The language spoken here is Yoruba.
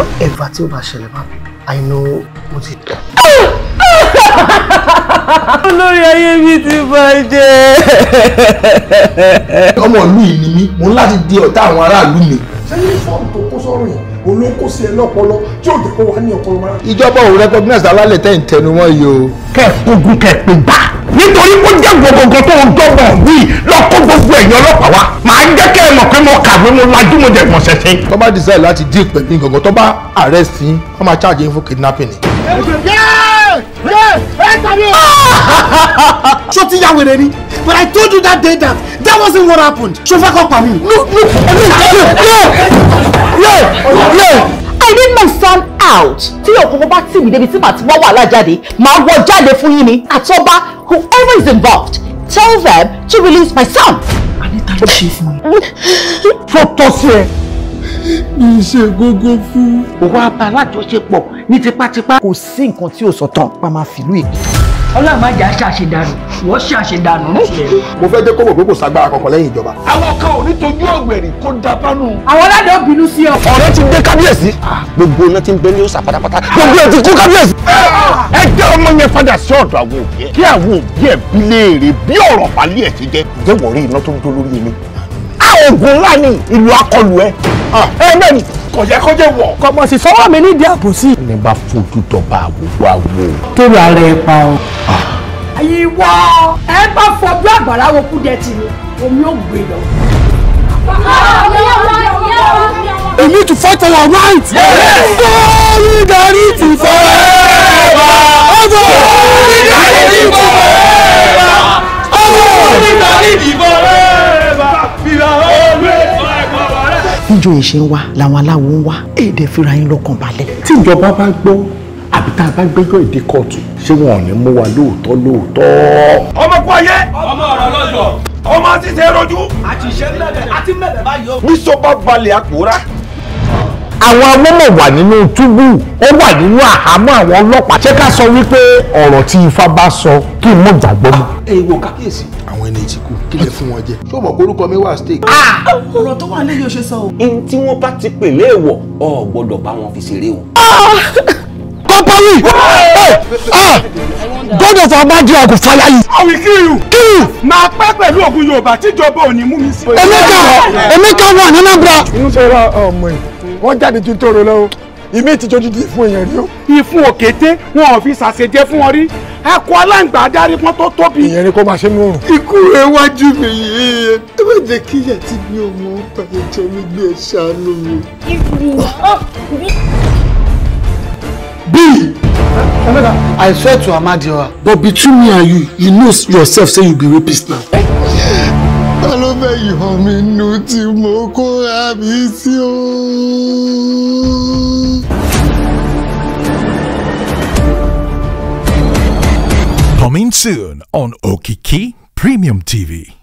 whatever tí ó bá ṣẹlẹ̀ bá mi I know mo ti tọ̀. olórí ayé mi ti bàjẹ́. ọmọ ìlú yìí ni mí mo ń láti di ọ̀tá àwọn aráàlú mi. sẹ́yìn fọ́ọ̀mù tó kó sọ́rùn yẹn olóko sí ẹ lọ́pọlọ tí ò jẹ́ kó wá ní ọpọlọ rárá. ìjọba ò recognize alálẹ̀ tẹ́ ń tẹnu mọ́ yìí o. kẹ́ẹ̀kógún kẹ́ẹ̀pé gbà nítorí ó jẹ́ gbọ̀ngàn tó ń dọ́gbọ̀n yìí ẹ̀yin ọlọ́pàá wa màá jẹ́ kẹ́ ẹ mọ̀ pé mo kàwé mo lajú mo dẹ̀ mọ̀ ṣẹ̀ṣẹ̀. tó bá decide láti deal pẹ̀lú ìgbọ̀ngàn tó bá arrest yín wọ́n máa charge fún kidnapping ni. ṣó ti yá wèrè ni but I told you that day that that wasn't what happened. ṣó fẹ́ kọ́ pa mí. no no no no no. I need my son out. Tí òkòkò bá tì mí débi tí màá ti wá wàhálà jáde, màá wọ jáde fún yín ni. Àtọ́ba, whoever is involved, tell them to release my son tó ṣe fún mi. tó tọ́ sí ẹ ìṣe gógó fún. òwò abá alájọṣepọ̀ ní tipátipá kò sí nǹkan tí ò sọ̀tàn pa máa fìlú èkìtì ọlọ́màjà ṣàṣedànù wọ́n ṣàṣedànù ní tiẹ̀. mo fẹ́ jẹ́ kó mọ̀ pé kò ságbára kankan lẹ́yìn ìjọba. àwọn kan ò ní tójú ọ̀gbẹ̀rì kó da bánu. àwọn aládùn obìnrin sí ọ. ọ̀rọ̀ ti dé kábíyèsí. Ah. gbogbo iná ti ń bẹ ní ọ̀sà pátápátá gbogbo ẹ̀ ti kú kábíyèsí. Ah. ẹ jẹ́ ọmọ yẹn padà sí ọ̀dọ̀ àwọn òbí ẹ̀ kí àwọn òbí ẹ̀ bí léèrè bí ọ̀rọ̀ balẹ̀ ẹ̀ ti jẹ́. jẹ́wọ́ rí iná tó ń dó lórí mi. àwọn ògùn ńlá ni ìlú akọlù ẹ. Ah. ẹ bẹ́ẹ̀ kò yẹ kó jẹ́ wọ̀. kọmọ sì sọ́wọ́ mi ní ìdí àbòsí. ní bá fojú tọba àwòwò àwò. tó lọ ara ẹ pa o. ìwọ ẹ bá fojú àgbàrá wo kú dẹ tì omi ò gbé lọ. We need to fight our rights. Solidarity forever. Solidarity forever. níjọ yẹn ṣe ń wá làwọn aláwo ń wá èdè fira yín lọ́kàn balẹ̀. tí ìjọba bá gbọ́ àbí tá a bá gbẹ́jọ́ ìdí kóòtù ṣé wọn ò ní mú wa lóòótọ́ lóòótọ́. ọmọ kú ayé ọmọ ọ̀rọ̀ lọ́jọ́ ọmọ àti ṣe é rojú àti ìṣẹ́ ńlẹ̀ àti mẹ́lẹ̀ báyọ̀. níṣó bá balẹ̀ àpòórá àwọn amọ́mọ̀ wà nínú túbú ó wà nínú àhámọ́ àwọn ọlọ́pàá ṣé ká sọ wípé ọ̀rọ̀ tí ifá bá sọ kí n mọ̀ jàgbọ́ mọ́. ẹ wo kàkíyèsí àwọn ẹni tí kú kí lè ah. fún wọn jẹ ṣé o mọ̀ pé mi wà steak. Ah! Ah! ọ̀rọ̀ tó wà lẹ́yìn oṣù sọ o. n tí wọ́n bá ti pè léèwọ̀ o gbọ́dọ̀ bá wọn fi ṣeré o. properly god of our magic i go fire you. i máa pẹ́ pẹ̀lú ògùn yorùbá tíjọba ò mú mi sí. Emeka Emeka wà ní nàbra. inú ṣe ọmọ ẹ wọn jáde ju tóró lọ ìmí ti jojú di ìfún èèyàn rí o. ìfún òkété wọn ò fi ṣàṣejẹ fún wọn rí akọ aláǹgbá adarí pọn tó tóbi. ìyẹn ni kò máa ṣe mú òrùn. ikú rẹ wájú mi yìí ẹ má jẹ kíyà tí mi ò mọ ọgbà ẹjọ mi gbé ẹ ṣàánú mi. I swear to Amadiwa, But between me and you, you know yourself say you be rapist now. Coming soon on Okiki Premium TV.